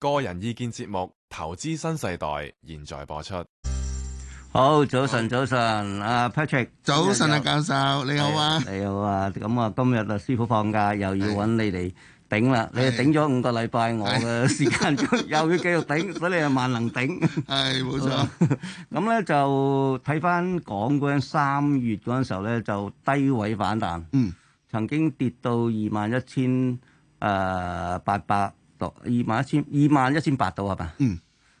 個人意見節目,投資新世代,現在播出。好,早晨,早晨,早晨, Patrick. 早晨,教授,你好啊。你好啊。咁啊,今日啊,師傅放假又要揾你嚟頂啦,你頂咗五個禮拜我嘅時間,又要繼續頂, 所以你係萬能頂。哎,冇錯。 咁呢就睇返港股喺三月嗰時候呢,就低位反彈,曾經跌到二萬一千八百二萬一千二萬一千八度係嘛？21, 000, 21, 000，嗯，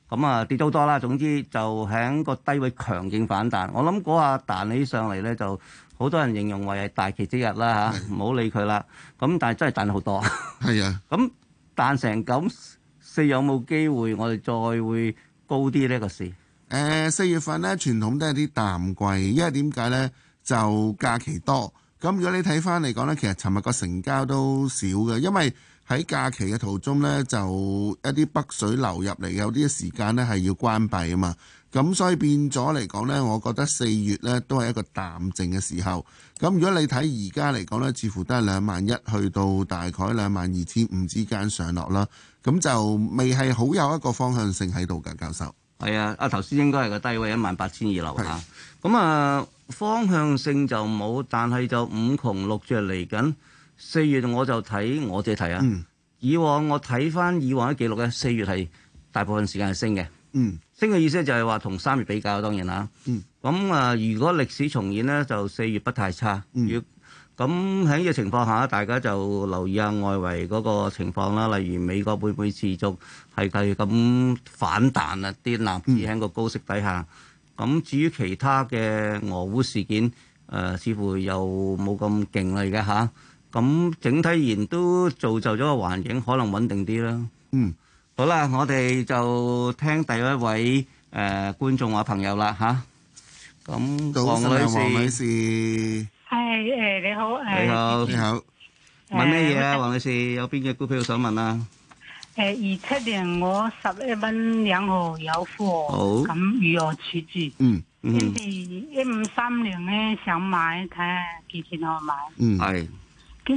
咁啊跌到多啦。總之就喺個低位強勁反彈。我諗嗰下彈起上嚟咧，就好多人形容為大奇蹟日啦吓，唔好理佢啦。咁是的 但係真係彈好多。係啊，咁彈成咁四，有冇機會我哋再會高啲呢個市？誒四、呃、月份咧，傳統都係啲淡季，因為點解咧就假期多。咁如果你睇翻嚟講咧，其實尋日個成交都少嘅，因為。喺假期嘅途中呢，就一啲北水流入嚟，有啲時間呢係要關閉啊嘛。咁所以變咗嚟講呢，我覺得四月呢都係一個淡靜嘅時候。咁如果你睇而家嚟講呢，似乎都係兩萬一去到大概兩萬二千五之間上落啦。咁就未係好有一個方向性喺度㗎，教授。係啊，啊頭先應該係個低位一萬八千二樓啊。咁啊是，方向性就冇，但係就五窮六絕嚟緊。四月我就睇我自己睇啊。嗯以往我睇翻以往嘅記錄咧，四月係大部分時間係升嘅。嗯，升嘅意思就係話同三月比較，當然啦。嗯，咁啊、呃，如果歷史重演咧，就四月不太差。嗯，咁喺呢個情況下，大家就留意下外圍嗰個情況啦。例如美國會唔會持續係繼續咁反彈啊？跌落至喺個高息底下。咁、嗯嗯、至於其他嘅俄烏事件，誒、呃、似乎又冇咁勁啦，而家嚇。啊。咁整體而言都造就咗個環境，可能穩定啲啦。嗯，好啦，我哋就聽第一位誒觀眾或朋友啦嚇。咁黃女士，黃女士，係誒你好，你好，你好。問咩嘢啊？黃女士，有邊隻股票想問啊？誒二七年我十一蚊兩毫有貨，好，咁如何儲住？嗯嗯，一五三零咧想買睇下幾錢可買？嗯係。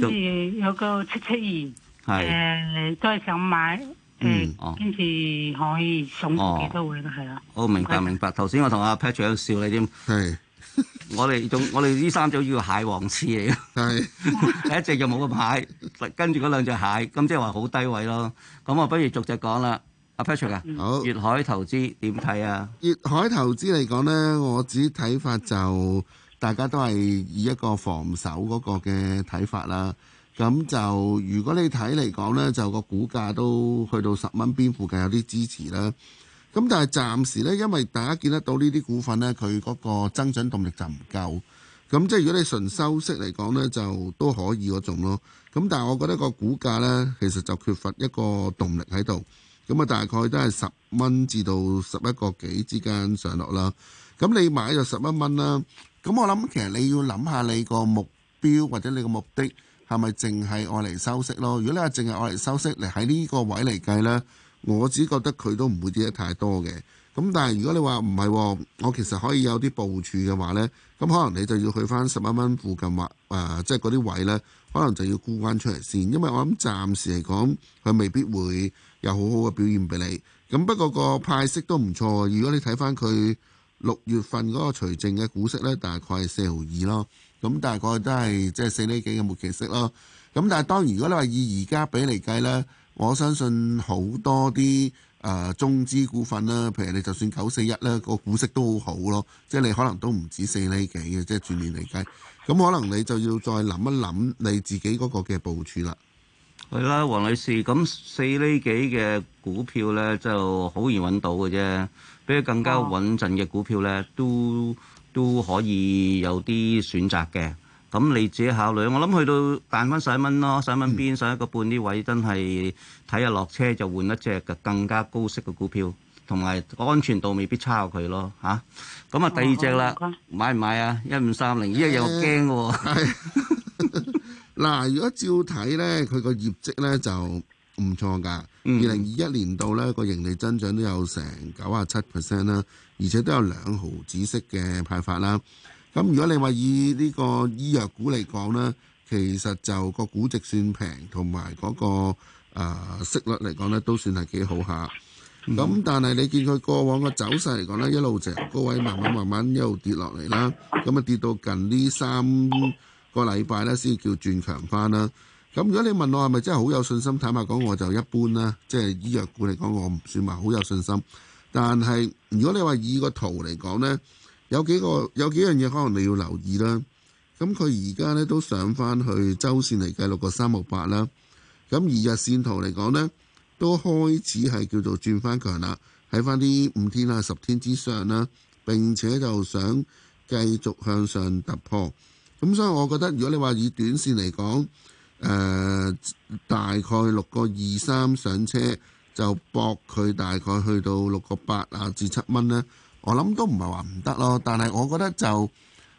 跟住有個七七二，你、呃、都係想買，誒今次可以送幾多位㗎？係啊，哦，我明白明白。頭先、嗯、我同阿 Patrick 笑你添，係我哋仲我哋呢三組要蟹王翅嚟㗎，係第一隻就冇個牌。跟住嗰兩隻蟹，咁即係話好低位咯。咁我不如逐隻講啦，阿 Patrick 啊 Pat，好，粵海投資點睇啊？粵海投資嚟講咧，我自己睇法就～大家都係以一個防守嗰個嘅睇法啦。咁就如果你睇嚟講呢，就個股價都去到十蚊邊附近有啲支持啦。咁但係暫時呢，因為大家見得到呢啲股份呢，佢嗰個增長動力就唔夠。咁即係如果你純收息嚟講呢，就都可以嗰種咯。咁但係我覺得個股價呢，其實就缺乏一個動力喺度。咁啊，大概都係十蚊至到十一個幾之間上落啦。咁你買就十一蚊啦。咁、嗯、我諗，其實你要諗下你個目標或者你個目的係咪淨係愛嚟收息咯？如果你係淨係愛嚟收息，你喺呢個位嚟計呢，我只覺得佢都唔會跌得太多嘅。咁、嗯、但係如果你話唔係，我其實可以有啲部署嘅話呢，咁、嗯、可能你就要去翻十一蚊附近或即係嗰啲位呢，可能就要沽翻出嚟先，因為我諗暫時嚟講，佢未必會有好好嘅表現俾你。咁、嗯、不過個派息都唔錯，如果你睇翻佢。六月份嗰個除淨嘅股息呢，大概係四毫二咯，咁大概都係即係四厘幾嘅末期息咯。咁但係當然，如果你話以而家比嚟計呢，我相信好多啲誒、呃、中資股份啦，譬如你就算九四一咧，個股息都好好咯，即係你可能都唔止四厘幾嘅，即係全年嚟計，咁可能你就要再諗一諗你自己嗰個嘅部署啦。係啦，黃女士，咁四釐幾嘅股票咧就好易揾到嘅啫，比起更加穩陣嘅股票咧，都都可以有啲選擇嘅。咁你自己考慮，我諗去到彈翻十一蚊咯，十一蚊邊上一個半啲位真係睇下落車就換一隻嘅更加高息嘅股票，同埋安全度未必差過佢咯嚇。咁啊，第二隻啦，買唔買啊？一五三零，依家又我驚喎。 嗱，如果照睇呢，佢個業績呢就唔錯㗎。二零二一年度呢個盈利增長都有成九啊七 percent 啦，而且都有兩毫子式嘅派發啦。咁如果你話以呢個醫藥股嚟講呢，其實就個估值算平，同埋嗰個、呃、息率嚟講呢都算係幾好下。咁、嗯、但係你見佢過往個走勢嚟講呢，一路就高位慢慢，慢慢慢慢一路跌落嚟啦，咁啊跌到近呢三個禮拜咧先叫轉強翻啦，咁如果你問我係咪真係好有信心？坦白講，我就一般啦。即係醫藥股嚟講，我唔算話好有信心。但係如果你話以個圖嚟講呢，有幾個有幾樣嘢可能你要留意啦。咁佢而家呢，都上翻去周線嚟計六個三六八啦。咁而日線圖嚟講呢，都開始係叫做轉翻強啦，喺翻啲五天啊十天之上啦、啊，並且就想繼續向上突破。咁、嗯、所以，我覺得如果你話以短線嚟講，誒大概六個二三上車，就搏佢大概去到六個八啊至七蚊呢。我諗都唔係話唔得咯。但係我覺得就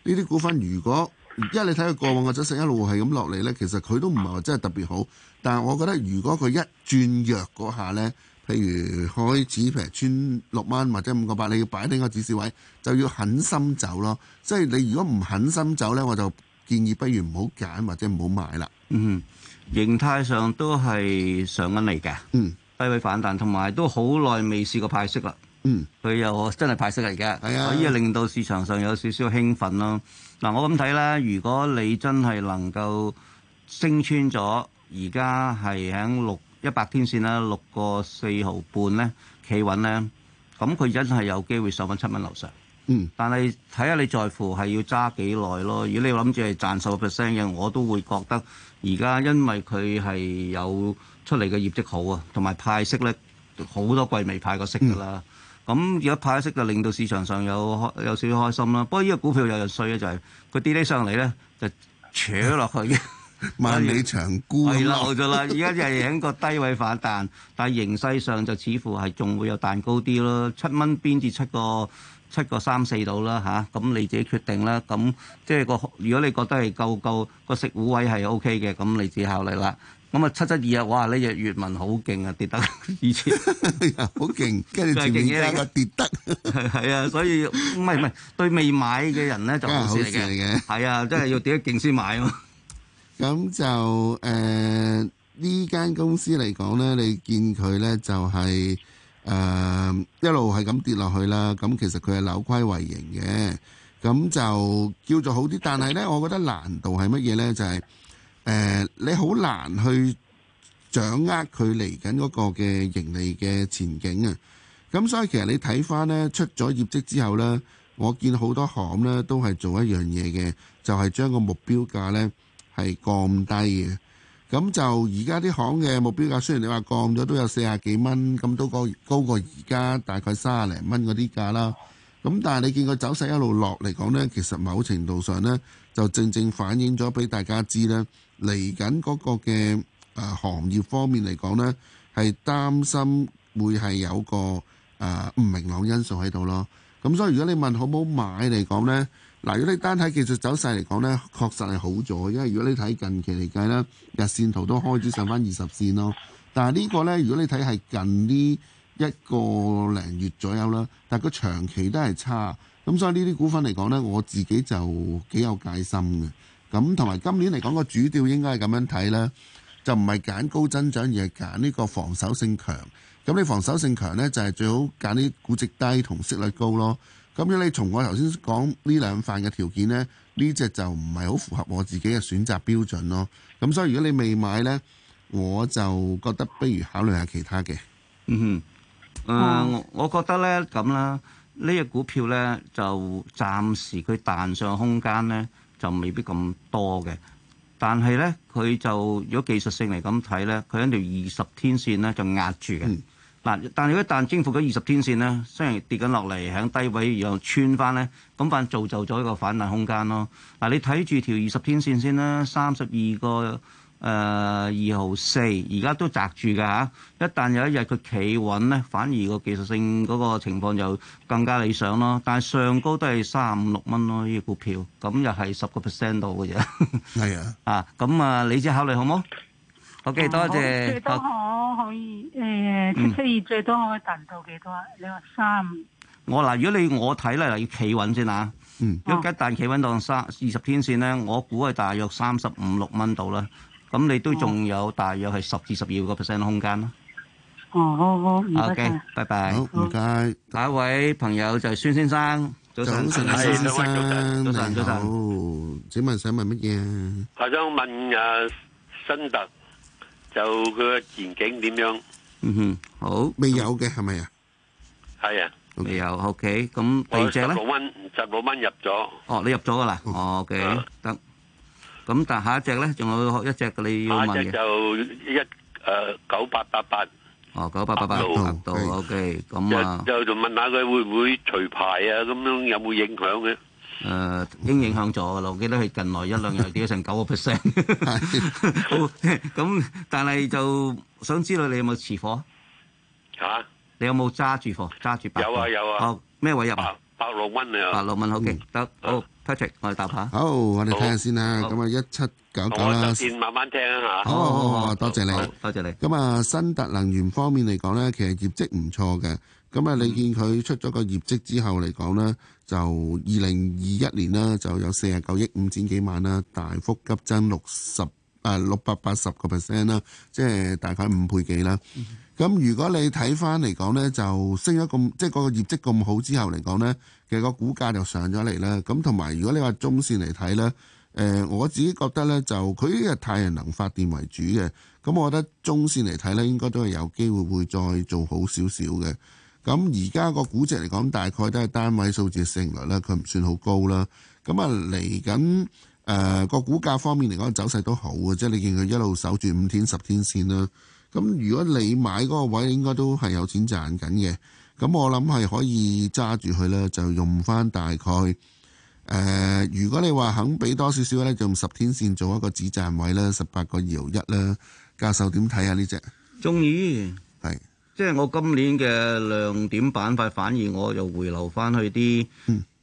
呢啲股份，如果因為你睇佢過往嘅質素一路係咁落嚟呢，其實佢都唔係話真係特別好。但係我覺得，如果佢、呃、一,一轉弱嗰下呢。譬如開始譬如穿六蚊或者五個八，你要擺定個指示位，就要狠心走咯。即係你如果唔狠心走咧，我就建議不如唔好揀或者唔好買啦。嗯，形態上都係上緊嚟嘅。嗯，低位反彈，同埋都好耐未試過派息啦。嗯，佢又真係派息嚟嘅，係啊，所以令到市場上有少少興奮咯。嗱、啊，我咁睇咧，如果你真係能夠升穿咗，而家係喺六。一百天線啦，六個四毫半咧企穩咧，咁佢真係有機會收翻七蚊樓上。嗯，但係睇下你在乎係要揸幾耐咯。如果你諗住係賺十個 percent 嘅，我都會覺得而家因為佢係有出嚟嘅業績好啊，同埋派息咧好多季未派過息㗎啦。咁而家派息就令到市場上有有少少開心啦。不過呢個股票有有衰咧，就係佢跌起上嚟咧就扯落去嘅。嗯 萬里長孤、哎，係漏咗啦！而家就係喺個低位反彈， 但係形勢上就似乎係仲會有彈高啲咯。七蚊邊至出個七個三四度啦吓，咁你自己決定啦。咁即係個如果你覺得係夠夠個食糊位係 O K 嘅，咁你自考慮啦。咁啊七七二日哇，呢隻閱文好勁啊，跌得以前好勁，跟住、 哎、前面跌得係啊！所以唔係唔係對未買嘅人咧就好事嚟嘅，係啊！真係要跌得勁先買喎。咁就誒呢間公司嚟講呢，你見佢呢就係誒一路係咁跌落去啦。咁其實佢係扭虧為盈嘅。咁就叫做好啲，但係呢，我覺得難度係乜嘢呢？就係誒你好難去掌握佢嚟緊嗰個嘅盈利嘅前景啊！咁所以其實你睇返呢，出咗業績之後呢，我見好多行呢都係做一樣嘢嘅，就係將個目標價呢，係降低嘅，咁就而家啲行嘅目標價，雖然你話降咗都有四啊幾蚊，咁都高高過而家大概三十零蚊嗰啲價啦。咁但係你見佢走勢一路落嚟講呢，其實某程度上呢，就正正反映咗俾大家知呢，嚟緊嗰個嘅、呃、行業方面嚟講呢，係擔心會係有個誒、呃、唔明朗因素喺度咯。咁所以如果你問好唔好買嚟講呢。嗱，如果你單睇技術走勢嚟講呢，確實係好咗，因為如果你睇近期嚟計咧，日線圖都開始上返二十線咯。但係呢個呢，如果你睇係近呢一個零月左右啦，但係佢長期都係差。咁所以呢啲股份嚟講呢，我自己就幾有戒心嘅。咁同埋今年嚟講個主調應該係咁樣睇呢，就唔係揀高增長，而係揀呢個防守性強。咁你防守性強呢，就係最好揀啲估值低同息率高咯。咁樣你從我頭先講呢兩塊嘅條件咧，呢隻就唔係好符合我自己嘅選擇標準咯。咁所以如果你未買咧，我就覺得不如考慮下其他嘅。嗯哼，誒、呃，我覺得咧咁啦，呢隻、這個、股票咧就暫時佢彈上空間咧就未必咁多嘅，但係咧佢就如果技術性嚟咁睇咧，佢喺條二十天線咧就壓住嘅。嗯嗱，但係一旦征服咗二十天線咧，雖然跌緊落嚟喺低位然後穿翻咧，咁反造就咗一個反彈空間咯。嗱、啊，你睇住條二十天線先啦，三十二個誒二毫四，而、呃、家都擳住㗎嚇。一但有一日佢企穩咧，反而個技術性嗰個情況就更加理想咯。但係上高都係三五六蚊咯，呢、呢個股票，咁又係十個 percent 到嘅啫。係 啊，啊，咁啊，你先考慮好冇？好、okay, k 多謝。嗯 okay, 多謝可以誒七七二最多可以彈到幾多啊？你話三？我嗱，如果你我睇嚟，要企穩先啊。嗯。如果一旦企穩當三二十天線咧，我估係大約三十五六蚊度啦。咁你都仲有大約係十至十二個 percent 空間咯。哦，好好，OK，拜拜。好唔該，下一位朋友就係孫先生。早晨，孫先生，早晨，早晨。好，請問想問乜嘢啊？我想問啊，新特。就佢嘅前景點樣？嗯哼，好，未有嘅，係咪啊？係啊，未有。O K，咁第二隻咧？十六蚊，十六蚊入咗。哦，你入咗噶啦。O K，得。咁但係下一隻咧？仲有一隻嘅你要問嘅。下隻就一誒九八八八。哦，九八八八行到，行到。O K，咁啊，就就問下佢會唔會除牌啊？咁樣有冇影響嘅？誒，已經影響咗咯。我記得佢近來一兩日跌咗成九個 percent。好，咁但係就想知道你有冇持貨？吓，你有冇揸住貨？揸住百？有啊有啊。好，咩位入啊？百六蚊啊！百六蚊好勁，得，好，Patrick，我哋答下。好，我哋睇下先啦。咁啊，一七九九啦。先慢慢聽啊吓。好好好，多謝你，多謝你。咁啊，新特能源方面嚟講咧，其實業績唔錯嘅。咁啊！你見佢出咗個業績之後嚟講呢，就二零二一年咧，就有四十九億五千幾萬啦，大幅急增六十啊六百八十個 percent 啦，即係大概五倍幾啦。咁、嗯、如果你睇翻嚟講呢，就升咗咁，即係個業績咁好之後嚟講呢，其實個股價就上咗嚟啦。咁同埋如果你話中線嚟睇呢，誒、呃、我自己覺得呢，就佢依個太陽能發電為主嘅，咁我覺得中線嚟睇呢，應該都係有機會會再做好少少嘅。咁而家個估值嚟講，大概都係單位數字市盈率啦，佢唔算好高啦。咁啊，嚟緊誒個股價方面嚟講，走勢都好嘅，即係你見佢一路守住五天、十天線啦。咁如果你買嗰個位，應該都係有錢賺緊嘅。咁我諗係可以揸住佢啦，就用翻大概誒、呃。如果你話肯俾多少少咧，就用十天線做一個止賺位啦，十八個二毫一啦。教授點睇下呢隻中意係？於即係我今年嘅亮點板塊，反而我又回流翻去啲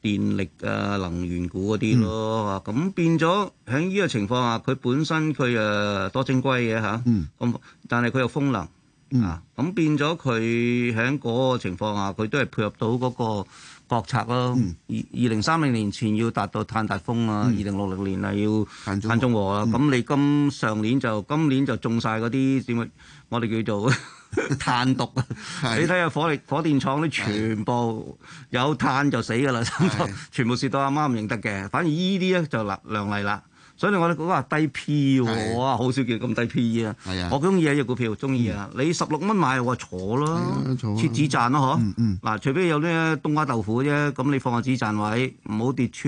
電力啊、嗯、能源股嗰啲咯，咁、嗯、變咗喺呢個情況下，佢本身佢誒多正規嘅吓，咁、嗯、但係佢有風能、嗯、啊，咁變咗佢喺嗰個情況下，佢都係配合到嗰、嗰個。國策咯，二二零三零年前要達到碳達峯啊，二零六零年啊要碳中和啊，咁、嗯、你今上年就今年就種晒嗰啲點啊？我哋叫做 碳毒啊！ 是你睇下火力火電廠啲全部有碳就死㗎啦，是 是全部全部蝕到阿媽唔認得嘅，反而依啲咧就立亮麗啦。所以我哋估話低 P 喎的，哇！好少見咁低 P 啊的，我中意啊隻股票，中意啊！嗯、你十六蚊買，我坐咯，設止賺咯嗬。嗱、嗯，嗯、除非有啲冬瓜豆腐啫，咁你放個止賺位，唔好跌穿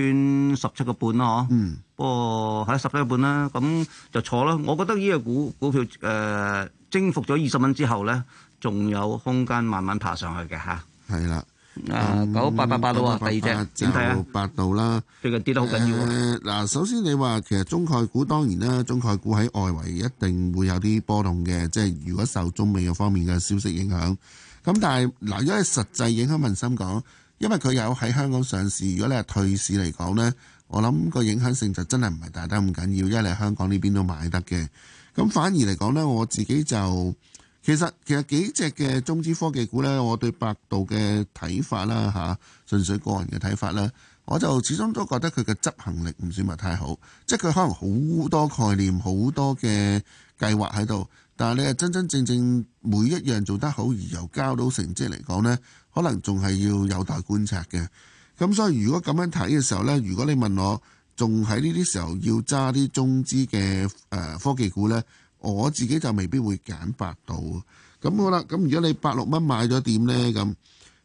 十七個半咯嗬。嗯、不過喺十七個半啦，咁就坐咯。我覺得呢隻股股票誒、呃、征服咗二十蚊之後咧，仲有空間慢慢爬上去嘅吓，係、啊、啦。啊，九八八八到啊，8 8, 第二隻，九八到啦，最近跌得好緊要嗱，嗯嗯、首先你話其實中概股當然啦，中概股喺外圍一定會有啲波動嘅，即係如果受中美嘅方面嘅消息影響。咁但係嗱，如果係實際影響民心講，因為佢有喺香港上市，如果你係退市嚟講咧，我諗個影響性就真係唔係大得咁緊要，因為你喺香港呢邊都買得嘅。咁反而嚟講咧，我自己就～其實其實幾隻嘅中資科技股呢，我對百度嘅睇法啦嚇，純粹個人嘅睇法呢，我就始終都覺得佢嘅執行力唔算係太好，即係佢可能好多概念好多嘅計劃喺度，但係你係真真正正每一樣做得好而又交到成績嚟講呢，可能仲係要有待觀察嘅。咁所以如果咁樣睇嘅時候呢，如果你問我仲喺呢啲時候要揸啲中資嘅科技股呢？我自己就未必會揀百度，咁好啦。咁如果你百六蚊買咗點呢？咁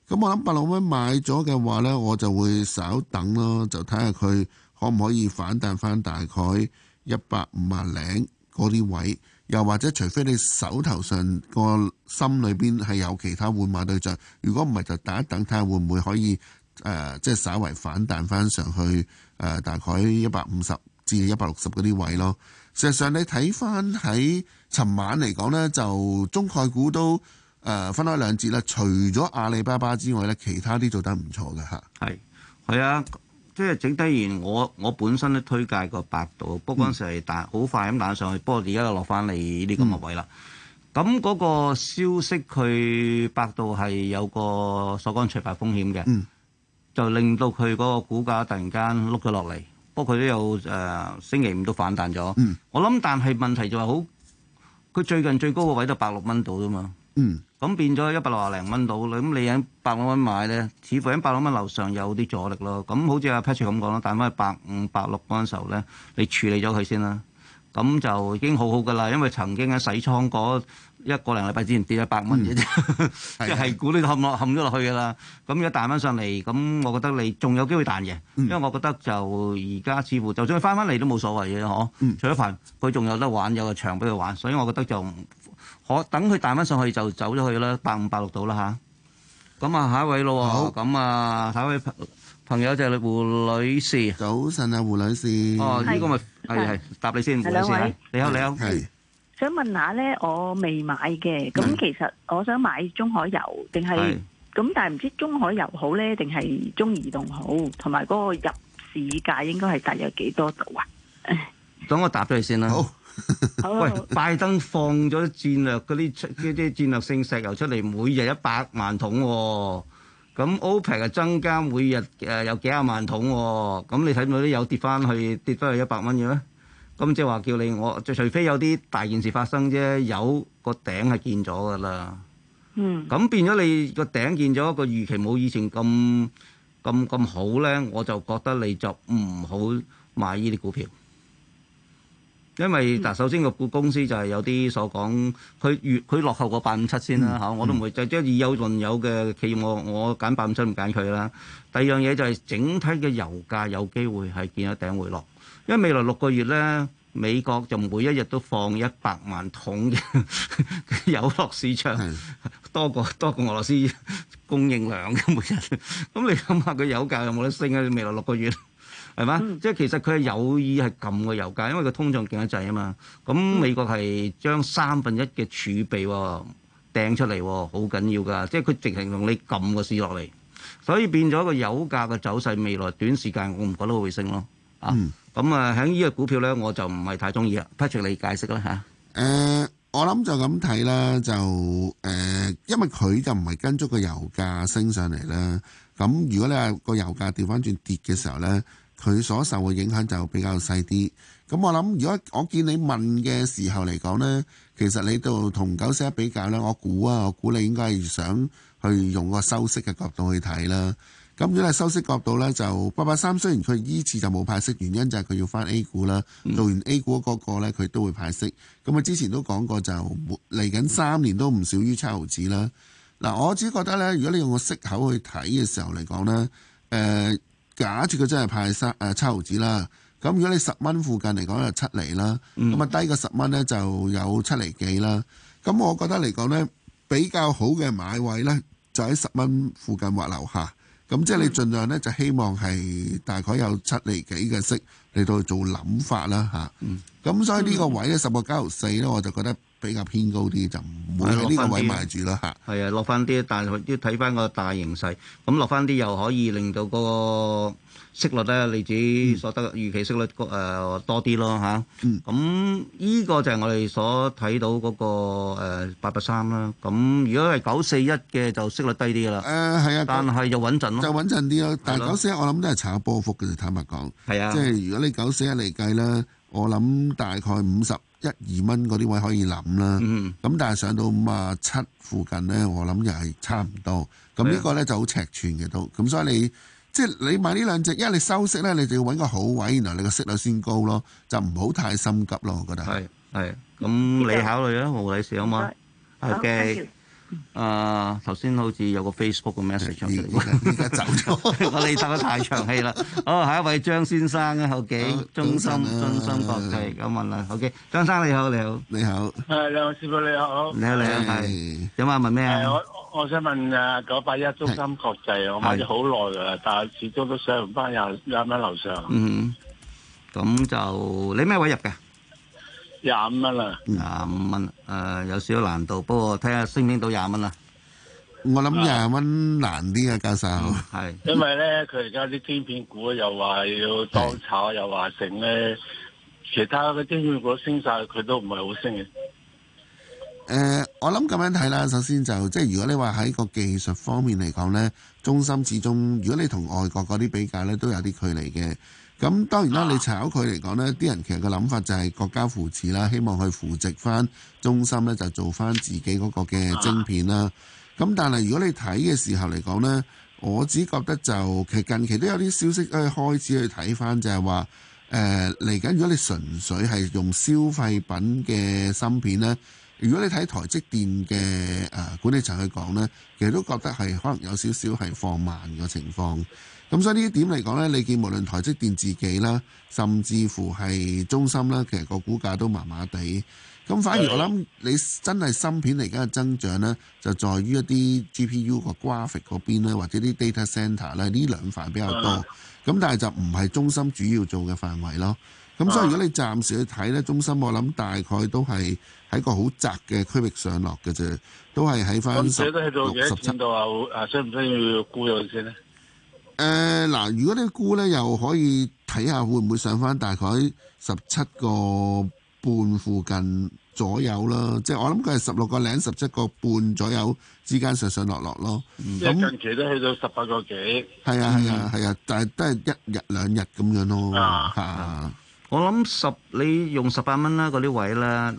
咁我諗百六蚊買咗嘅話呢，我就會稍等咯，就睇下佢可唔可以反彈翻大概一百五啊零嗰啲位，又或者除非你手頭上個心裏邊係有其他換馬對象，如果唔係就等一等睇下會唔會可以誒，即、呃、係、就是、稍微反彈翻上去誒、呃，大概一百五十至一百六十嗰啲位咯。事實上，你睇翻喺尋晚嚟講咧，就中概股都誒、呃、分開兩節啦。除咗阿里巴巴之外咧，其他啲做得唔錯嘅嚇。係係啊，即係整低完我我本身都推介過百度，不過嗰陣時係好快咁彈上去，嗯、不過而家就落翻嚟呢啲咁嘅位啦。咁嗰、嗯、個消息，佢百度係有個所講除牌風險嘅，嗯、就令到佢嗰個股價突然間碌咗落嚟。不過佢都有誒、呃、星期五都反彈咗，嗯、我諗但係問題就係好，佢最近最高個位都百六蚊到啫嘛，咁、嗯、變咗一百六廿零蚊到啦。咁你喺百六蚊買咧，似乎喺百六蚊樓上有啲阻力咯。咁好似阿 Patrick 咁講啦，但係百五百六嗰陣時候咧，你處理咗佢先啦。咁就已經好好噶啦，因為曾經喺洗倉嗰一個零禮拜之前跌百、嗯、 一百蚊嘅啫，即係估都冚落冚咗落去噶啦。咁一彈翻上嚟，咁我覺得你仲有機會彈贏，嗯、因為我覺得就而家似乎就算佢翻翻嚟都冇所謂嘅嗬。嗯、除咗份，佢仲有得玩，有個場俾佢玩，所以我覺得就可等佢彈翻上去就走咗去啦，百五、百六度啦嚇。咁啊，好啊，下一位咯喎。好，咁啊，下一位。朋友就係你，胡女士，早晨啊胡女士。哦，呢個咪係係答你先，胡女士。你好，你好，係。想問下咧，我未買嘅，咁其實我想買中海油，定係咁？但係唔知中海油好咧，定係中移動好？同埋嗰個入市價應該係大約幾多度啊？等我答咗你先啦。好，喂，拜登放咗戰略嗰啲出，呢啲戰略性石油出嚟，每日一百萬桶喎。咁 OPEC，增加每日誒、呃、有幾十萬桶喎、哦，咁、嗯、你睇到啲油跌翻去跌翻去一百蚊嘅咩？咁即係話叫你我，除除非有啲大件事發生啫，有個頂係見咗噶啦。嗯，咁變咗你個頂見咗，個預期冇以前咁咁咁好咧，我就覺得你就唔好買呢啲股票。因為嗱，首先個股公司就係有啲所講，佢越佢落後過八五七先啦嚇、嗯就是，我都唔會就將已有仲有嘅企業我我揀八五七唔揀佢啦。第二樣嘢就係整體嘅油價有機會係見一頂回落，因為未來六個月咧，美國就每一日都放一百萬桶嘅 油落市場多，多過多過俄羅斯供應量嘅每日，咁你諗下佢油價有冇得升啊？未來六個月。係嘛？即係其實佢係有意係撳個油價，因為個通脹勁得滯啊嘛。咁美國係將三分一嘅儲備掟、哦、出嚟、哦，好緊要㗎。即係佢直情用你撳個市落嚟，所以變咗個油價嘅走勢，未來短時間我唔覺得會升咯。嗯、啊，咁啊，喺呢個股票咧，我就唔係太中意啦。Patrick 你解釋啦嚇。誒、啊呃，我諗就咁睇啦，就誒、呃，因為佢就唔係跟足個油價升上嚟啦。咁如果你話個油價調翻轉跌嘅時候咧。佢所受嘅影響就比較細啲。咁我諗，如果我見你問嘅時候嚟講呢，其實你度同九四一比較呢，我估啊，我估你應該係想去用個收息嘅角度去睇啦。咁如果係收息角度呢，就八八三雖然佢依次就冇派息，原因就係佢要翻 A 股啦。做完 A 股嗰、那個咧，佢都會派息。咁我之前都講過就嚟緊三年都唔少於七毫紙啦。嗱，我只覺得呢，如果你用個息口去睇嘅時候嚟講呢。誒、呃。假設佢真係派三誒七毫紙啦，咁如果你十蚊附近嚟講就七厘啦，咁啊、嗯、低過十蚊咧就有七厘幾啦。咁我覺得嚟講咧比較好嘅買位咧就喺十蚊附近或樓下，咁即係你儘量咧就希望係大概有七厘幾嘅息嚟到做諗法啦嚇。咁、嗯、所以呢個位咧十個九毫四咧我就覺得。比較偏高啲就唔會呢個位賣住啦嚇。係啊，嗯、落翻啲，但係要睇翻個大形勢。咁落翻啲又可以令到個息率咧，你自己所得預期息率誒多啲咯嚇。咁、啊、依、嗯、個就係我哋所睇到嗰、那個八八三啦。咁、呃啊、如果係九四一嘅，就息率低啲啦。誒係、呃、啊，但係就，就，就穩陣咯，就穩陣啲咯。但係九四一我諗都係炒波幅嘅，就、啊、坦白講。係啊，即係如果你九四一嚟計咧，我諗大概五十一二蚊嗰啲位可以諗啦，咁、嗯、但係上到五啊七附近咧，我諗又係差唔多。咁呢的個咧就好尺寸嘅都，咁所以你即係、就是、你買呢兩隻，因為你收息咧，你就要揾個好位，然後你個息率先高咯，就唔好太心急咯，我覺得。係係，咁你考慮啦，無理事吖嘛。OK。誒，頭先好似有個 Facebook 嘅 message，依家走咗，我離得太長氣啦。哦，下一位張先生啊，后記中心中心國際咁問啦。O K，張生你好，你好，你好，係你好，師傅你好，你好你好係。有冇啊？問咩啊？我我想問啊，九八一中芯國際，我買咗好耐噶，但係始終都上唔翻廿廿蚊樓上。嗯，咁就你咩位入嘅？廿五蚊啦，廿五蚊，誒、嗯，有少少難度，不過睇下升唔升到廿蚊啦。我諗廿蚊難啲啊，教授、嗯，係是，因為咧，佢而家啲芯片股又話要當炒又，又話成咧，其他嗰啲芯片股升晒，佢都唔係好升嘅。誒、呃，我諗咁樣睇啦，首先就即係如果你話喺個技術方面嚟講咧，中芯始終，如果你同外國嗰啲比較咧，都有啲距離嘅。咁當然啦，你炒佢嚟講呢啲人其實個諗法就係國家扶持啦，希望去扶植翻中心呢，就做翻自己嗰個嘅晶片啦。咁但係如果你睇嘅時候嚟講呢，我只覺得就其實近期都有啲消息可以開始去睇翻，就係，就係話誒嚟緊。如果你純粹係用消費品嘅芯片呢，如果你睇台積電嘅管理層去講呢，其實都覺得係可能有少少係放慢嘅情況。咁、嗯、所以呢啲點嚟講咧，你見無論台積電自己啦，甚至乎係中芯啦，其實個股價都麻麻地。咁、嗯、反而我諗你真係芯片而家嘅增長咧，就在於一啲 GPU 個 graphic 嗰邊咧，或者啲 data center 咧，呢兩塊比較多。咁、嗯、但係就唔係中芯主要做嘅範圍咯。咁、嗯、所以如果你暫時去睇咧，中芯我諗大概都係喺個好窄嘅區域上落嘅啫，都係喺翻十六十七度啊！需唔需要僱用先咧？誒，嗱，如果你估咧，又可以睇下會唔會上翻大概十七個半附近左右啦，即係我諗佢係十六個零十七個半左右之間上上落落咯。即係近期都去到十八個幾。係啊係啊係啊，但係都係一日兩日咁樣咯。啊，我諗十你用十八蚊啦，嗰啲位啦，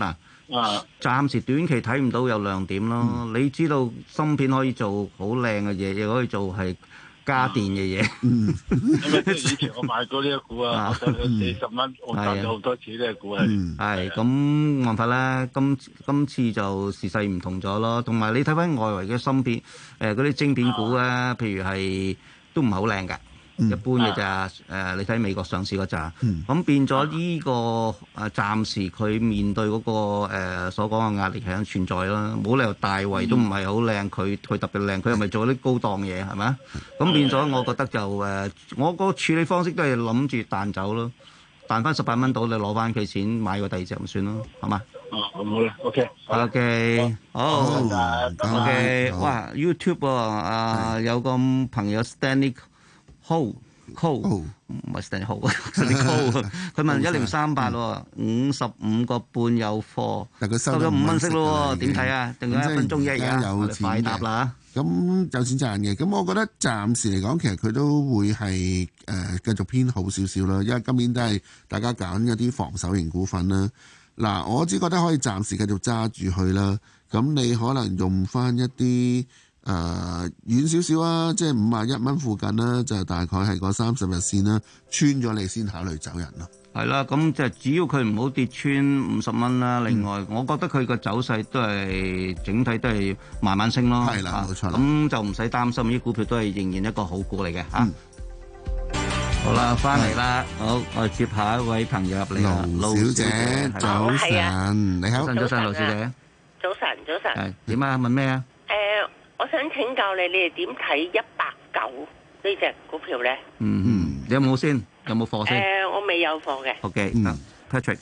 嗱，暫時短期睇唔到有亮點咯。你知道芯片可以做好靚嘅嘢，亦可以做係。家電嘅嘢、嗯，因 以前我買過呢一股啊，四十蚊我賺咗好多錢呢股啊。係咁冇法啦。今次今次就時勢唔同咗咯，同埋你睇翻外圍嘅芯片，誒嗰啲晶片股啊，啊譬如係都唔係好靚嘅。一般嘅咋，誒、啊呃、你睇美國上市嗰隻，咁、嗯、變咗呢、這個誒暫時佢面對嗰、那個、呃、所講嘅壓力係咁存在咯，冇理由大圍都唔係好靚，佢佢特別靚，佢又咪做啲高檔嘢係咪？咁變咗，我覺得就誒、呃，我個處理方式都係諗住彈走咯，彈翻十八蚊到，你攞翻佢錢買個第二隻咁算咯，係嘛？好啦，OK，OK，好，OK，哇、okay. okay. oh, okay. okay.，YouTube 啊、哦，呃、有個朋友 Stanley 好，好 Ho ,、oh.，唔係剩好，剩啲好。佢問一零三八喎，五十五個半有貨，但佢收咗五蚊息咯喎，點睇、嗯、的啊？仲有一分鐘嘅，快答啦！咁有錢賺嘅，咁我，我覺得暫時嚟講，其實佢都會係誒、呃、繼續偏好少少啦。因為今年都係大家揀一啲防守型股份啦。嗱，我只覺得可以暫時繼續揸住佢啦。咁你可能用翻一啲。誒，遠少少啊，即係五十一蚊附近啦，就大概係嗰三十日綫啦，穿咗你先考慮走人咯。係啦，咁即係只要佢唔好跌穿五十蚊啦。另外，我覺得佢個走勢都係整體都係慢慢升咯。係啦，冇錯。咁就唔使擔心，呢股票都係仍然一個好股嚟嘅吓。好啦，翻嚟啦，好，我哋接下一位朋友入嚟啦，盧小姐，早晨，你好，早晨，早晨，盧小姐，早晨，早晨。點啊？問咩啊？誒。我想請教你，你哋點睇一百九呢隻股票咧？嗯嗯，有冇先？有冇貨先？誒，我未有貨嘅。OK，嗱，Patrick。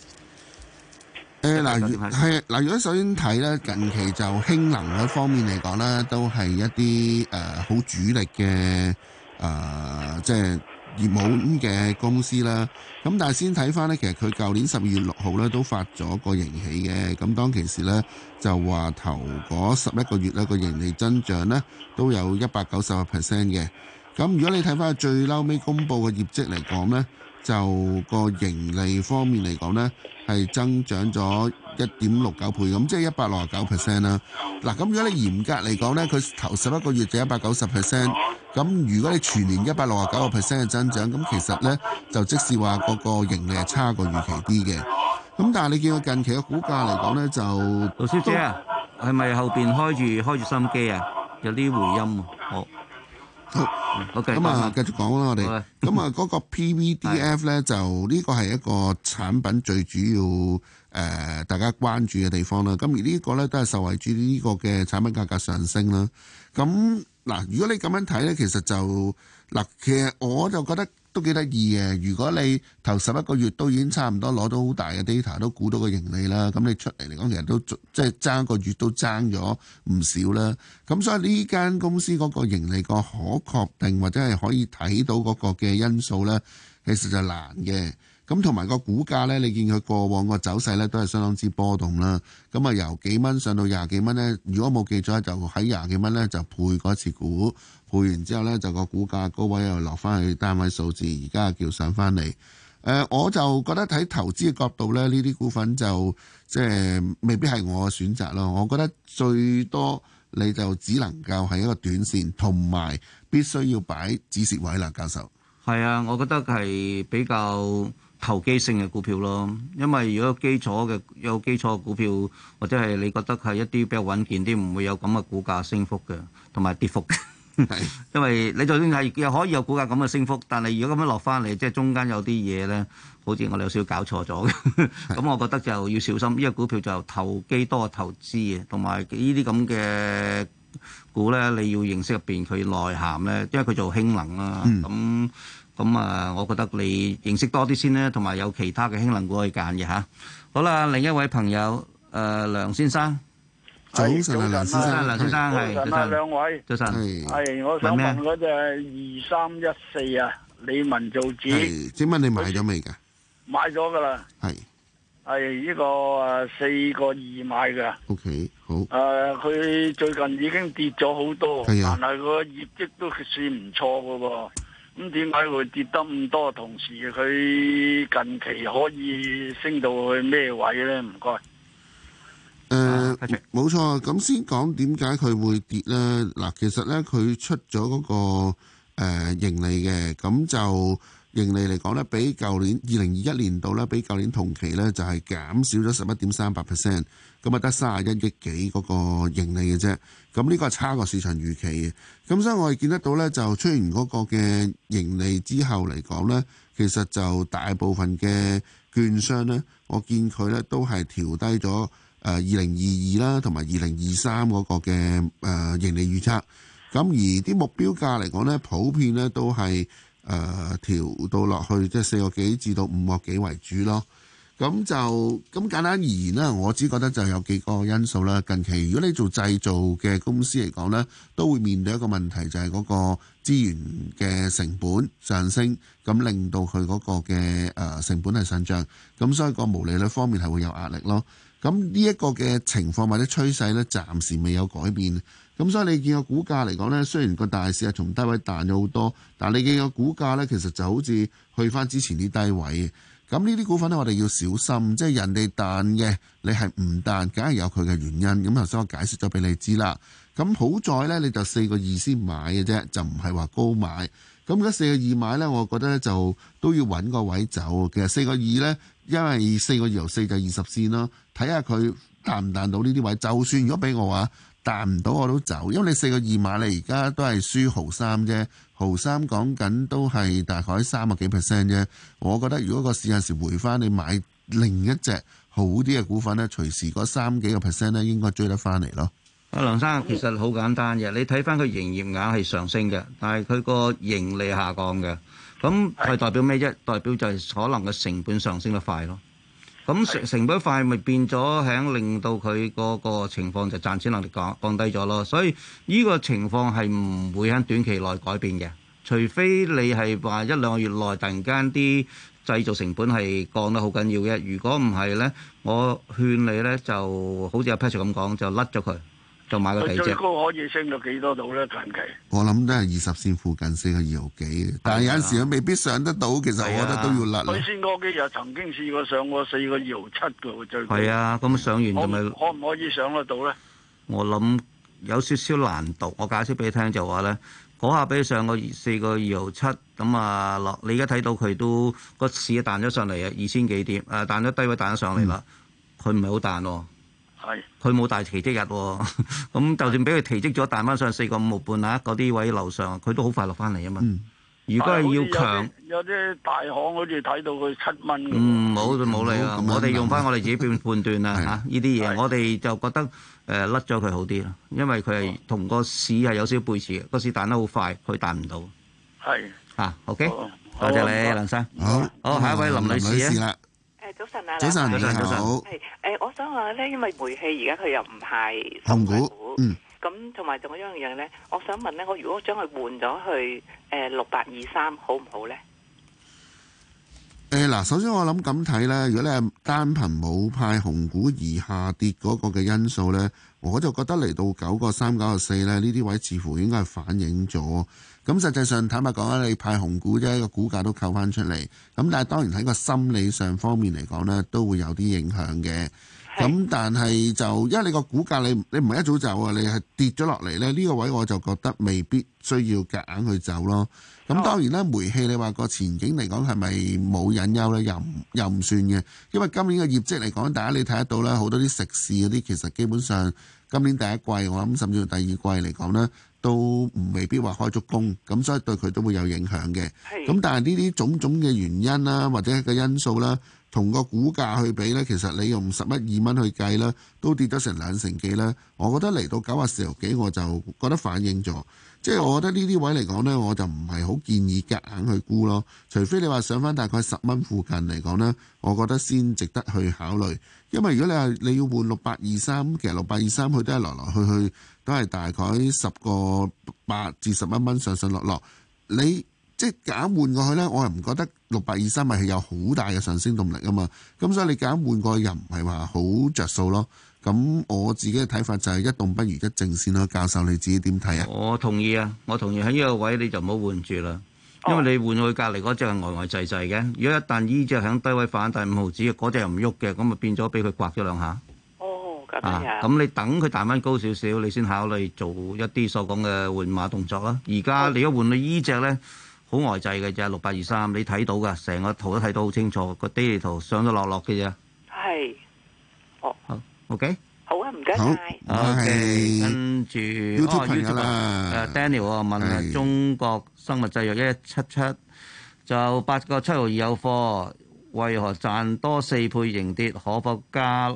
誒嗱，係嗱，如果首先睇咧，近期就興能嗰方面嚟講咧，都係一啲誒好主力嘅誒，即係。業務咁嘅公司啦，咁但係先睇翻咧，其實佢舊年十二月六號咧都發咗個盈喜嘅，咁當其時咧就話頭嗰十一個月咧個盈利增長咧都有一百九十個 percent 嘅，咁如果你睇翻最嬲尾公佈嘅業績嚟講咧，就個盈利方面嚟講咧係增長咗。一點六九倍咁，即係一百六十九 percent 啦。嗱、啊，咁、啊、如果你嚴格嚟講咧，佢頭十一個月就一百九十 percent。咁如果你全年一百六十九個 percent 嘅增長，咁其實咧就即使話個個盈利係差過預期啲嘅。咁但係你見佢近期嘅股價嚟講咧，就老小姐啊，係咪那後邊開住開住心機啊？有啲回音、啊。Oh. 好，好，咁啊，繼續講啦，我哋。咁啊 Okay.、嗯，嗰、那個 PVDF 咧， 就呢個係一個產品最主要。誒、呃，大家關注嘅地方啦，咁而呢個呢，都係受惠住呢個嘅產品價格上升啦。咁、啊、嗱，如果你咁樣睇呢，其實就嗱，其實我就覺得都幾得意嘅。如果你頭十一個月都已經差唔多攞到好大嘅 data，都估到個盈利啦。咁你出嚟嚟講，其實都即係爭一個月都爭咗唔少啦。咁、啊、所以呢間公司嗰個盈利個可確定或者係可以睇到嗰個嘅因素呢，其實就難嘅。咁同埋個股價呢，你見佢過往個走勢呢，都係相當之波動啦。咁、嗯、啊，由幾蚊上到廿幾蚊呢，如果冇記錯就喺廿幾蚊呢，就配過次股，配完之後呢，就個股價高位又落翻去單位數字，而家叫上翻嚟。誒、呃，我就覺得喺投資嘅角度呢，呢啲股份就即係、就是、未必係我嘅選擇咯。我覺得最多你就只能夠係一個短線，同埋必須要擺止蝕位啦，教授。係啊，我覺得係比較投機性嘅股票咯，因為如果基礎嘅有基礎股票，或者係你覺得係一啲比較穩健啲，唔會有咁嘅股價升幅嘅，同埋跌幅嘅。是因為你就算係又可以有股價咁嘅升幅，但係如果咁樣落翻嚟，即係中間有啲嘢咧，好似我哋有少少搞錯咗。咁是 我覺得就要小心呢個股票就由投機多過投資嘅，同埋呢啲咁嘅股咧，你要認識入邊佢內涵咧，因為佢做氫能啦，咁、嗯。咁啊，我覺得你認識多啲先咧，同埋有其他嘅興輪股可以揀嘅嚇。好啦，另一位朋友，誒梁先生，早晨啊，梁先生，早晨啊，兩位，早晨，係，係，我想問嗰隻二三一四啊，理文造紙，請問你買咗未㗎？買咗㗎啦，係係呢個四個二買嘅，OK，好。誒，佢最近已經跌咗好多，但係個業績都算唔錯嘅喎。咁點解會跌得咁多？同時佢近期可以升到去咩位咧？唔該。誒、呃，冇錯。咁先講點解佢會跌咧？嗱，其實咧，佢出咗嗰個誒盈利嘅，咁就盈利嚟講咧，比舊年二零二一年度咧，比舊年同期咧就係減少咗十一點三八 percent，咁啊得三十一億幾嗰個盈利嘅啫，咁呢個係差過市場預期嘅，咁所以我哋見得到咧，就出現嗰個嘅盈利之後嚟講咧，其實就大部分嘅券商咧，我見佢咧都係調低咗誒二零二二啦，同埋二零二三嗰個嘅誒盈利預測。咁而啲目標價嚟講咧，普遍咧都係誒調到落去，即係四個幾至到五個幾為主咯。咁就咁簡單而言咧，我只覺得就有幾個因素啦。近期如果你做製造嘅公司嚟講咧，都會面對一個問題，就係嗰個資源嘅成本上升，咁令到佢嗰個嘅誒成本係上漲，咁所以個毛利率方面係會有壓力咯。咁呢一個嘅情況或者趨勢咧，暫時未有改變。咁所以你見個股價嚟講呢，雖然個大市係從低位彈咗好多，但係你見個股價呢，其實就好似去翻之前啲低位咁。呢啲股份呢，我哋要小心，即係人哋彈嘅，你係唔彈，梗係有佢嘅原因。咁頭先我解釋咗俾你知啦。咁好在呢，你就四個二先買嘅啫，就唔係話高買。咁而家四個二買呢，我覺得呢就都要揾個位走。其實四個二呢，因為四個二由四就二十線咯，睇下佢彈唔彈到呢啲位。就算如果俾我話，達唔到我都走，因為你四個二碼你輸而家都係輸毫三啫。毫三講緊都係大概三個幾 percent 啫。我覺得如果個市有時回翻，你買另一隻好啲嘅股份咧，隨時嗰三幾個 percent 咧，應該追得翻嚟咯。啊，梁生，其實好簡單嘅，你睇翻佢營業額係上升嘅，但係佢個盈利下降嘅，咁係代表咩啫？代表就係可能個成本上升得快咯。咁成成本快咪變咗喺令到佢嗰個情況就賺錢能力降降低咗咯，所以呢個情況係唔會喺短期內改變嘅，除非你係話一兩個月內突然間啲製造成本係降得好緊要嘅，如果唔係咧，我勸你咧就好似阿 Patrick 咁講，就甩咗佢。佢最高可以升到幾多度咧？近期我諗都係二十綫附近四個二毫幾，但係有陣時未必上得到。其實、啊、我覺得都要甩。佢先嗰幾日曾經試過上過四個二毫七嘅最高。係啊，咁、嗯嗯、上完同咪，可唔可以上得到咧？我諗有少少難度。我解釋俾你聽就話咧，嗰下俾佢上過四個二毫七，咁啊落。你而家睇到佢都個市彈咗上嚟啊，二千幾點誒，彈咗低位彈咗上嚟啦，佢唔係好彈。佢冇大奇蹟日，咁就算俾佢奇蹟咗彈翻上四個五毫半啊，嗰啲位樓上佢都好快落翻嚟啊嘛。如果係要強，有啲大行好似睇到佢七蚊。嗯，冇就冇理啦，我哋用翻我哋自己判判斷啦吓，呢啲嘢我哋就覺得誒甩咗佢好啲咯，因為佢係同個市係有少少背馳嘅，個市彈得好快，佢彈唔到。係啊，OK，多謝你，林生。好，好，下一位林女士啊。早晨啊，早晨，早晨，早晨好。係誒，我想話咧，因為煤氣而家佢又唔派紅股，嗯，咁同埋仲有樣嘢咧，我想問咧，我如果將佢換咗去誒六八二三，好唔好咧？誒，嗱，首先我諗咁睇咧，如果你係單憑冇派紅股而下跌嗰個嘅因素咧。我就覺得嚟到九個三九個四咧，呢啲位似乎應該係反映咗。咁實際上坦白講咧，你派紅股啫，個股價都扣翻出嚟。咁但係當然喺個心理上方面嚟講呢，都會有啲影響嘅。咁但係就因為你個股價，你你唔係一早就走啊，你係跌咗落嚟咧，呢個位我就覺得未必需要夾硬去走咯。咁當然啦，煤氣你話個前景嚟講係咪冇隱憂呢？又又唔算嘅，因為今年嘅業績嚟講，大家你睇得到啦，好多啲食肆嗰啲其實基本上今年第一季，我諗甚至到第二季嚟講呢，都唔未必話開足工，咁所以對佢都會有影響嘅。咁但係呢啲種種嘅原因啦，或者個因素啦。同個股價去比呢，其實你用十一二蚊去計咧，都跌咗成兩成幾啦。我覺得嚟到九啊四毫幾，我就覺得反映咗。即係我覺得呢啲位嚟講呢，我就唔係好建議夾硬去沽咯。除非你話上返大概十蚊附近嚟講呢，我覺得先值得去考慮。因為如果你話你要換六百二三，其實六百二三佢都係來來去去都係大概十個八至十一蚊上上落落。你即係夾換過去呢，我又唔覺得。六百二三咪係有好大嘅上升動力啊嘛，咁所以你揀換個人唔係話好着數咯。咁我自己嘅睇法就係一動不如一靜先咯。教授你自己點睇啊？我同意啊，我同意喺呢個位你就唔好換住啦，因為你換去隔離嗰隻係呆呆滯滯嘅。如果一旦依隻喺低位反彈五毫子，嗰隻又唔喐嘅，咁咪變咗俾佢刮咗兩下。哦，咁啊，咁你等佢彈翻高少少，你先考慮做一啲所講嘅換馬動作啦。而家你一換到依隻咧。好呆滯嘅啫，六百二三，你睇到噶，成個圖都睇到好清楚，個 daily 圖，上咗落落嘅啫。係，哦，好，OK。好啊，唔該。好，我跟住 YouTube 啊，Daniel 啊，問下，中國生物製藥一一七七，就八個七毫二有貨，為何賺多四倍盈跌，可否加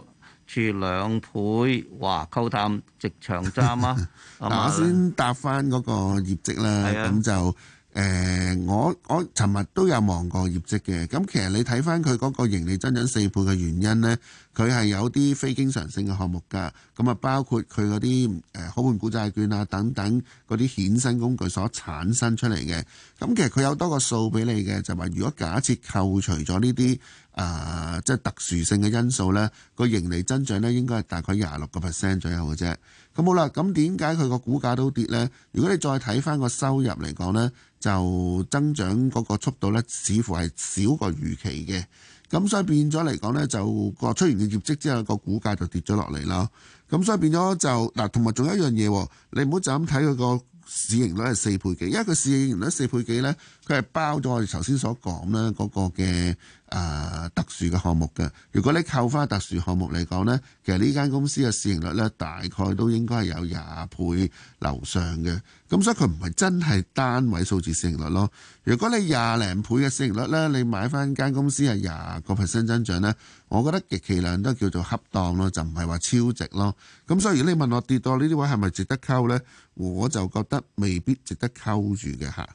住兩倍？華溝淡直腸針啊！我先答翻嗰個業績啦，咁就。誒、呃，我我尋日都有望過業績嘅，咁其實你睇翻佢嗰個盈利增長四倍嘅原因呢，佢係有啲非經常性嘅項目㗎，咁啊包括佢嗰啲誒可換股債券啊等等嗰啲衍生工具所產生出嚟嘅，咁其實佢有多個數俾你嘅，就話如果假設扣除咗呢啲啊，即係特殊性嘅因素呢，個盈利增長呢應該係大概廿六個 percent 左右嘅啫。咁好啦，咁點解佢個股價都跌呢？如果你再睇翻個收入嚟講呢，就增長嗰個速度呢，似乎係少過預期嘅。咁所以變咗嚟講呢，就個出完嘅業績之後，個股價就跌咗落嚟啦。咁所以變咗就嗱，同埋仲有一樣嘢，你唔好就咁睇佢個。市盈率係四倍幾，因為佢市盈率四倍幾呢，佢係包咗我哋頭先所講咧嗰個嘅誒、呃、特殊嘅項目嘅。如果你扣翻特殊項目嚟講呢，其實呢間公司嘅市盈率呢，大概都應該係有廿倍樓上嘅。咁所以佢唔係真係單位數字市盈率咯。如果你廿零倍嘅市盈率呢，你買翻間公司係廿個 percent 增長呢，我覺得極其量都叫做恰當咯，就唔係話超值咯。咁所以如果你問我跌到呢啲位係咪值得溝咧？我就覺得未必值得溝住嘅嚇。誒、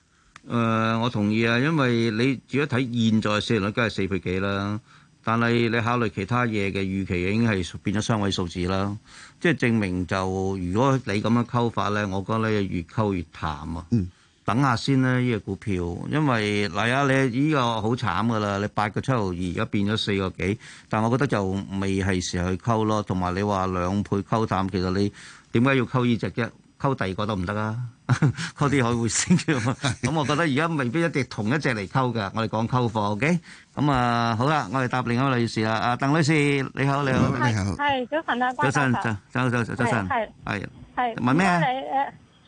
呃，我同意啊，因為你如果睇現在市盈率都係四倍幾啦，但係你考慮其他嘢嘅預期，已經係變咗雙位數字啦。即係證明就如果你咁樣溝法咧，我覺得你越溝越淡啊。嗯等下先啦，呢個股票，因為嚟呀、啊，你呢個好慘噶啦，你八個七毫二，而家變咗四個幾，但係我覺得就未係時候去溝咯。同埋你話兩倍溝淡，其實你點解要溝呢隻啫？溝第二個都唔得啊！溝啲海能會升嘅嘛。咁 我覺得而家未必一隻同一隻嚟溝嘅。我哋講溝貨 OK。咁啊，好啦，我哋答另一位女士啦。啊，鄧女士，你好，你好，是你好，係早晨啊，早晨，早晨，早晨，係係問咩啊？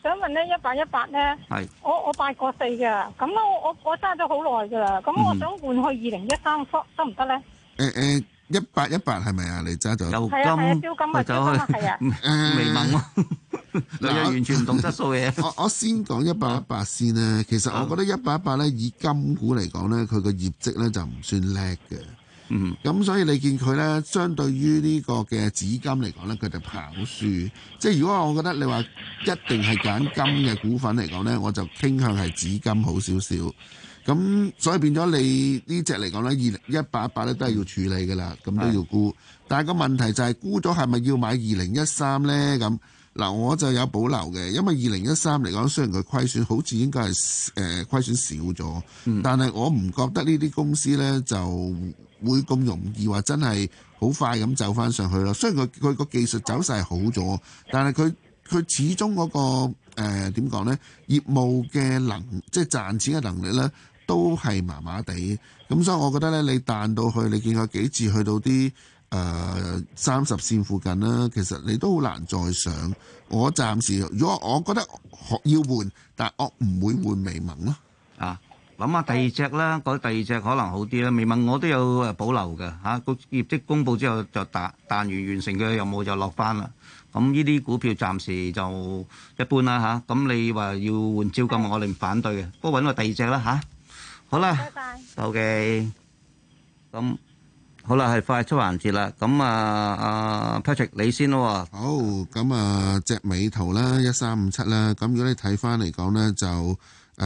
想問咧，一八一八咧，我過我八個四嘅，咁我我我揸咗好耐噶啦，咁我想換去二零一三得唔得咧？誒誒、嗯，一八一八係咪啊？你揸咗？係啊係啊，燒金嘅走金啊，係啊、哎，未問咯， 你完全唔懂質素嘢。我我先講一八一八先啦、啊，其實我覺得一八一八咧，以金股嚟講咧，佢個業績咧就唔算叻嘅。嗯，咁所以你見佢呢，相對於呢個嘅紫金嚟講呢，佢就跑輸。即係如果我覺得你話一定係揀金嘅股份嚟講呢，我就傾向係紫金好少少。咁所以變咗你呢隻嚟講呢，二零一八一八咧都係要處理㗎啦，咁都要沽。是但係個問題就係沽咗係咪要買二零一三呢？咁嗱，我就有保留嘅，因為二零一三嚟講，雖然佢虧損好似應該係誒、呃、虧損少咗，嗯、但係我唔覺得呢啲公司呢就，會咁容易話真係好快咁走翻上去咯。雖然佢佢個技術走勢好咗，但係佢佢始終嗰、那個誒點講呢，業務嘅能即係賺錢嘅能力呢，都係麻麻地。咁所以我覺得呢，你彈到去你見佢幾次去到啲誒三十線附近啦，啊，其實你都好難再上。我暫時如果我覺得要換，但係我唔會換微盟咯，啊嗯，啊！諗下第二隻啦，改第二隻可能好啲啦。未問我都有保留嘅嚇。個業績公佈之後就達達完完成嘅任務就落返啦。咁呢啲股票暫時就一般啦嚇。咁你話要換招，我哋唔反對嘅。不過揾個第二隻啦嚇。好啦，好嘅。咁好啦，係快速環節啦。咁啊，阿 Patrick 你先咯。好，咁啊隻美圖啦，一三五七啦。咁如果你睇翻嚟講咧，就～誒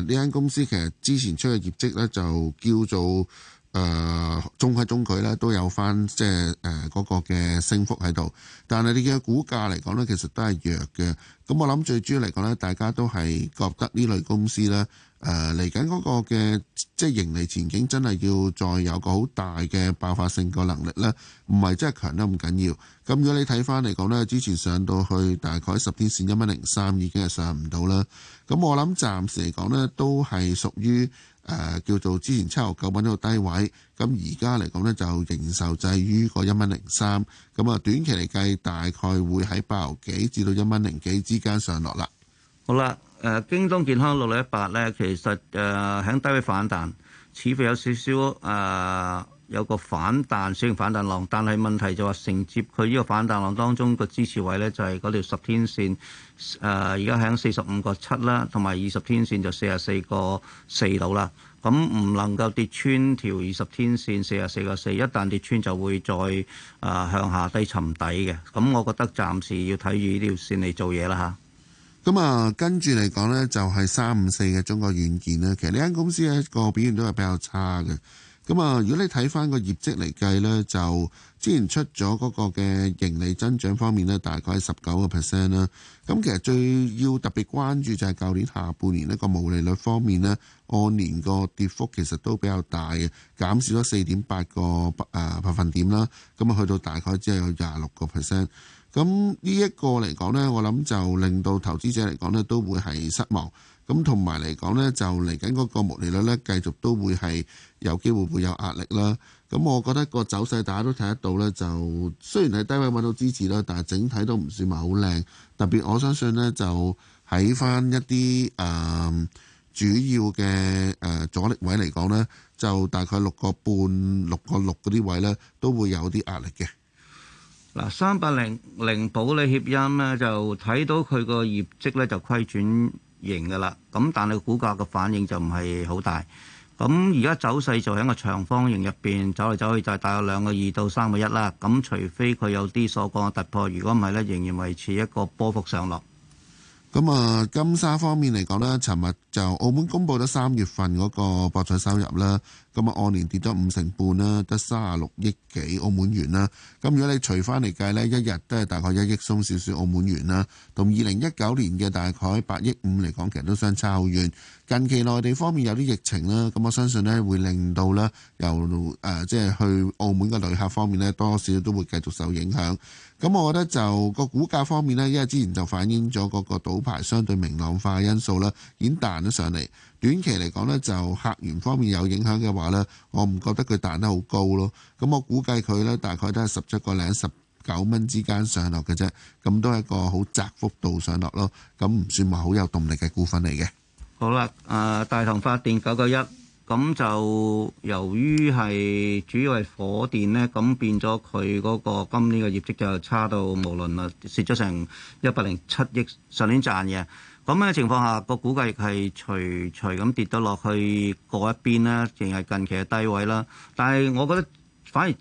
呢間公司其實之前出嘅業績呢，就叫做誒中規中矩呢，都有翻即係誒嗰個嘅升幅喺度，但係你嘅股價嚟講呢，其實都係弱嘅。咁我諗最主要嚟講呢，大家都係覺得呢類公司呢。誒嚟緊嗰個嘅即係盈利前景，真係要再有個好大嘅爆發性個能力咧，唔係真係強得咁緊要。咁如果你睇翻嚟講呢，之前上到去大概十天線一蚊零三已經係上唔到啦。咁我諗暫時嚟講呢，都係屬於誒、呃、叫做之前七毫九蚊呢個低位。咁而家嚟講呢，就仍受制於嗰一蚊零三。咁啊短期嚟計，大概會喺八毫幾至到一蚊零幾之間上落啦。好啦。誒、呃，京東健康六六一八咧，其實誒喺、呃、低位反彈，似乎有少少誒、呃、有個反彈，小型反彈浪，但係問題就話、是、承接佢呢個反彈浪當中個支持位咧，就係嗰條十天線誒，而家喺四十五個七啦，同埋二十天線就四十四個四度啦。咁唔能夠跌穿條二十天線四十四個四，一旦跌穿就會再誒、呃、向下低沉底嘅。咁我覺得暫時要睇住呢條線嚟做嘢啦嚇。咁啊，跟住嚟講呢，就係三五四嘅中國軟件呢，其實呢間公司一個表現都係比較差嘅。咁啊，如果你睇返個業績嚟計呢，就之前出咗嗰個嘅盈利增長方面呢，大概係十九個 percent 啦。咁其實最要特別關注就係舊年下半年呢個毛利率方面呢，按年個跌幅其實都比較大嘅，減少咗四點八個啊百分點啦。咁啊，去到大概只有廿六個 percent。咁呢一個嚟講呢，我諗就令到投資者嚟講呢都會係失望。咁同埋嚟講呢，就嚟緊嗰個毛利率呢，繼續都會係有機會會有壓力啦。咁我覺得個走勢大家都睇得到呢，就雖然喺低位揾到支持啦，但係整體都唔算好靚。特別我相信呢，就喺翻一啲誒、呃、主要嘅誒、呃、阻力位嚟講呢，就大概六個半、六個六嗰啲位呢，都會有啲壓力嘅。嗱，三百零零保利協鑫呢，就睇到佢個業績呢，就虧轉盈嘅啦，咁但係股價嘅反應就唔係好大。咁而家走勢就喺個長方形入邊走嚟走去就，就係大概兩個二到三個一啦。咁除非佢有啲所講嘅突破，如果唔係呢，仍然維持一個波幅上落。咁啊，金沙方面嚟講呢，尋日就澳門公布咗三月份嗰個博彩收入啦。咁啊，按年跌咗五成半啦，得三十六億幾澳門元啦。咁如果你除翻嚟計呢，一日都係大概一億鬆少少澳門元啦。同二零一九年嘅大概八億五嚟講，其實都相差好遠。近期內地方面有啲疫情啦，咁我相信呢會令到咧由誒、呃、即係去澳門嘅旅客方面呢，多少都會繼續受影響。咁我覺得就個股價方面呢，因為之前就反映咗嗰個賭牌相對明朗化因素啦，已經彈咗上嚟。短期嚟講咧，就客源方面有影響嘅話咧，我唔覺得佢彈得好高咯。咁我估計佢咧大概都係十七個零、十九蚊之間上落嘅啫。咁都係一個好窄幅度上落咯。咁唔算話好有動力嘅股份嚟嘅。好啦，誒、呃、大唐發電九九一，咁就由於係主要係火電咧，咁變咗佢嗰個今年嘅業績就差到無倫啦，蝕咗成一百零七億，上年賺嘅。咁樣嘅情況下，個估計係徐徐咁跌咗落去嗰一邊啦，淨係近期嘅低位啦。但係我覺得反而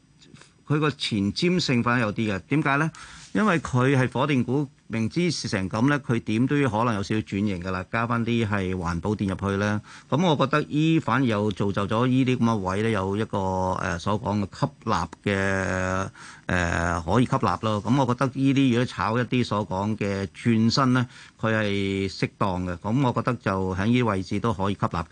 佢個前瞻性反而有啲嘅，點解咧？因為佢係火電股，明知蝕成咁呢，佢點都要可能有少少轉型噶啦，加翻啲係環保電入去咧。咁我覺得依反而又造就咗依啲咁嘅位呢，有一個誒所講嘅吸納嘅誒可以吸納咯。咁我覺得呢啲如果炒一啲所講嘅轉身呢，佢係適當嘅。咁我覺得就喺呢啲位置都可以吸納嘅。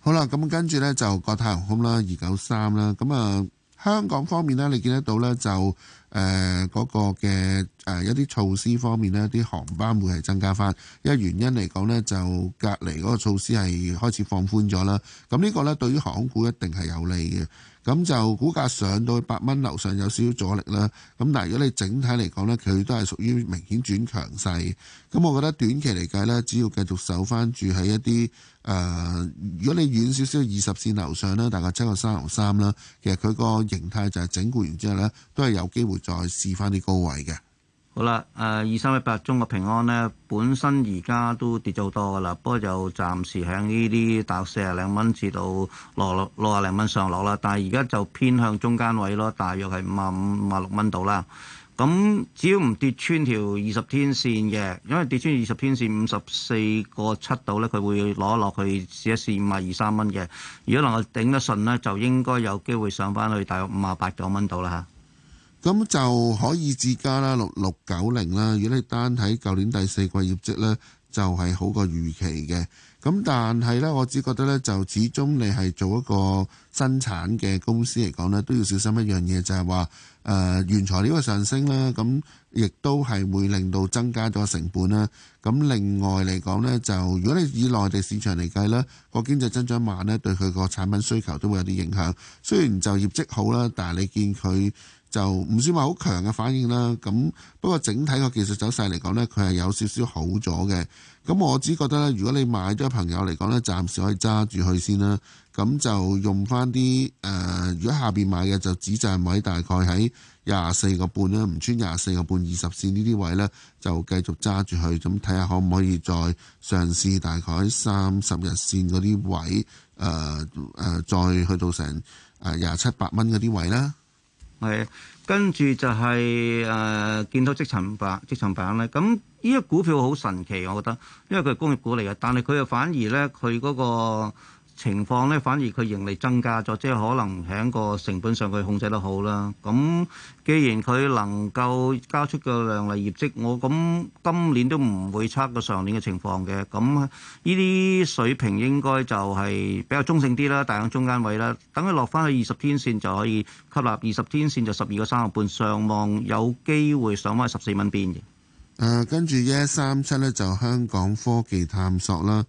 好啦，咁跟住呢就國泰航空啦，二九三啦。咁啊、呃，香港方面呢，你見得到呢就。誒嗰、呃那個嘅誒、呃、一啲措施方面，呢啲航班會係增加翻，因為原因嚟講呢，就隔離嗰個措施係開始放寬咗啦。咁呢個呢，對於航空股，股一定係有利嘅。咁就股價上到百蚊樓上有少少阻力啦。咁但係如果你整體嚟講呢，佢都係屬於明顯轉強勢。咁我覺得短期嚟計呢，只要繼續守翻住喺一啲誒、呃，如果你遠少少二十線樓上啦，大概七個三毫三啦，其實佢個形態就係整固完之後呢，都係有機會再試翻啲高位嘅。好啦，誒、呃、二三一八中國平安咧，本身而家都跌咗好多噶啦，不過就暫時向呢啲大約四啊零蚊至到六六六啊零蚊上落啦，但係而家就偏向中間位咯，大約係五啊五、五啊六蚊度啦。咁只要唔跌穿條二十天線嘅，因為跌穿二十天線五十四個七度咧，佢會攞落去試一試五啊二三蚊嘅。如果能夠頂得順咧，就應該有機會上返去大約五啊八九蚊度啦嚇。咁就可以自加啦，六六九零啦。如果你單睇舊年第四季業績呢，就係、是、好過預期嘅。咁但係呢，我只覺得呢，就始終你係做一個生產嘅公司嚟講呢，都要小心一樣嘢，就係話誒原材料嘅上升啦。咁亦都係會令到增加咗成本啦。咁另外嚟講呢，就如果你以內地市場嚟計呢，個經濟增長慢呢，對佢個產品需求都會有啲影響。雖然就業績好啦，但係你見佢，就唔算話好強嘅反應啦。咁不過整體個技術走勢嚟講呢，佢係有少少好咗嘅。咁我只覺得呢，如果你買咗朋友嚟講呢，暫時可以揸住佢先啦。咁就用翻啲誒，如果下邊買嘅就止賺位，大概喺廿四個半啦，唔穿廿四個半二十線呢啲位呢，就繼續揸住佢。咁睇下可唔可以再嘗試，大概三十日線嗰啲位誒誒、呃呃，再去到成誒廿七百蚊嗰啲位咧。係，跟住就係、是、誒、呃、見到積層板，積層板咧，咁呢隻股票好神奇，我覺得，因為佢係工業股嚟嘅，但係佢又反而咧，佢嗰、嗰個情況咧，反而佢盈利增加咗，即係可能喺個成本上佢控制得好啦。咁既然佢能夠交出個量嚟業績，我諗今年都唔會差過上年嘅情況嘅。咁呢啲水平應該就係比較中性啲啦，大喺中間位啦。等佢落翻去二十天線就可以吸納，二十天線就十二個三毫半。上望有機會上翻十四蚊邊嘅。誒、呃，跟住一三七咧就香港科技探索啦。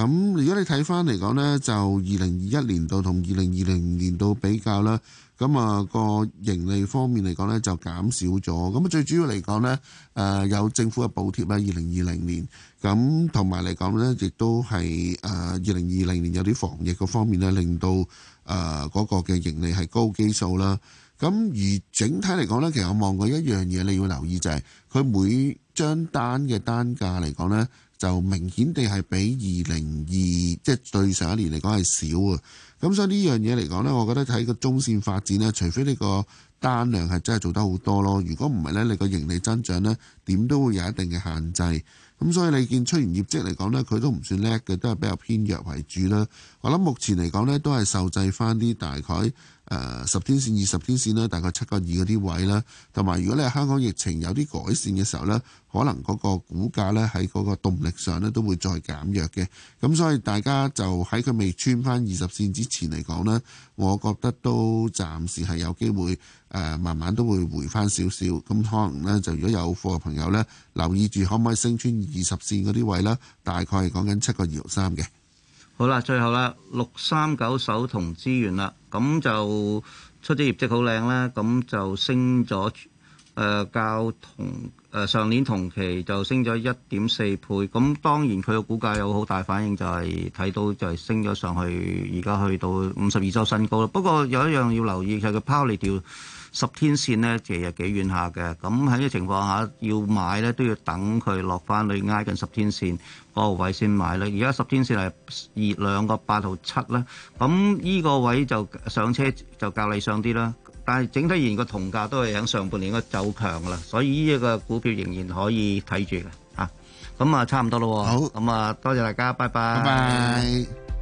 咁如果你睇翻嚟講呢，就二零二一年度同二零二零年度比較啦，咁啊個盈利方面嚟講呢就減少咗。咁啊最主要嚟講呢，誒有政府嘅補貼啦，二零二零年，咁同埋嚟講呢亦都係誒二零二零年有啲防疫嗰方面呢，令到誒嗰個嘅盈利係高基數啦。咁而整體嚟講呢，其實我望過一樣嘢，你要留意就係佢每張單嘅單價嚟講呢。就明顯地係比二零二即係對上一年嚟講係少啊，咁所以呢樣嘢嚟講呢，我覺得睇個中線發展呢，除非你個單量係真係做得好多咯，如果唔係呢，你個盈利增長呢點都會有一定嘅限制。咁所以你見出完業績嚟講呢，佢都唔算叻嘅，都係比較偏弱為主啦。我諗目前嚟講呢，都係受制翻啲大概。誒十、呃、天線、二十天線咧，大概七個二嗰啲位啦，同埋如果你係香港疫情有啲改善嘅時候呢，可能嗰個股價呢喺嗰個動力上咧都會再減弱嘅。咁所以大家就喺佢未穿翻二十線之前嚟講呢，我覺得都暫時係有機會誒、呃，慢慢都會回翻少少。咁可能呢，就如果有貨嘅朋友呢，留意住可唔可以升穿二十線嗰啲位啦，大概係講緊七個二六三嘅。好啦，最後啦，六三九首同資源啦，咁就出啲業績好靚啦，咁就升咗，誒、呃，較同誒、呃、上年同期就升咗一點四倍，咁當然佢嘅股價有好大反應，就係睇到就係升咗上去，而家去到五十二週新高啦。不過有一樣要留意，就係、是、佢拋離掉。十天線咧，其實幾遠下嘅，咁喺呢情況下要買咧，都要等佢落翻去挨近十天線個位先買啦。而家十天線係二兩個八到七啦，咁依個位就上車就較理想啲啦。但係整體而個同價都係響上半年個走強啦，所以呢一個股票仍然可以睇住嘅嚇。咁啊，就差唔多咯，好，咁啊，多謝大家，拜拜。拜。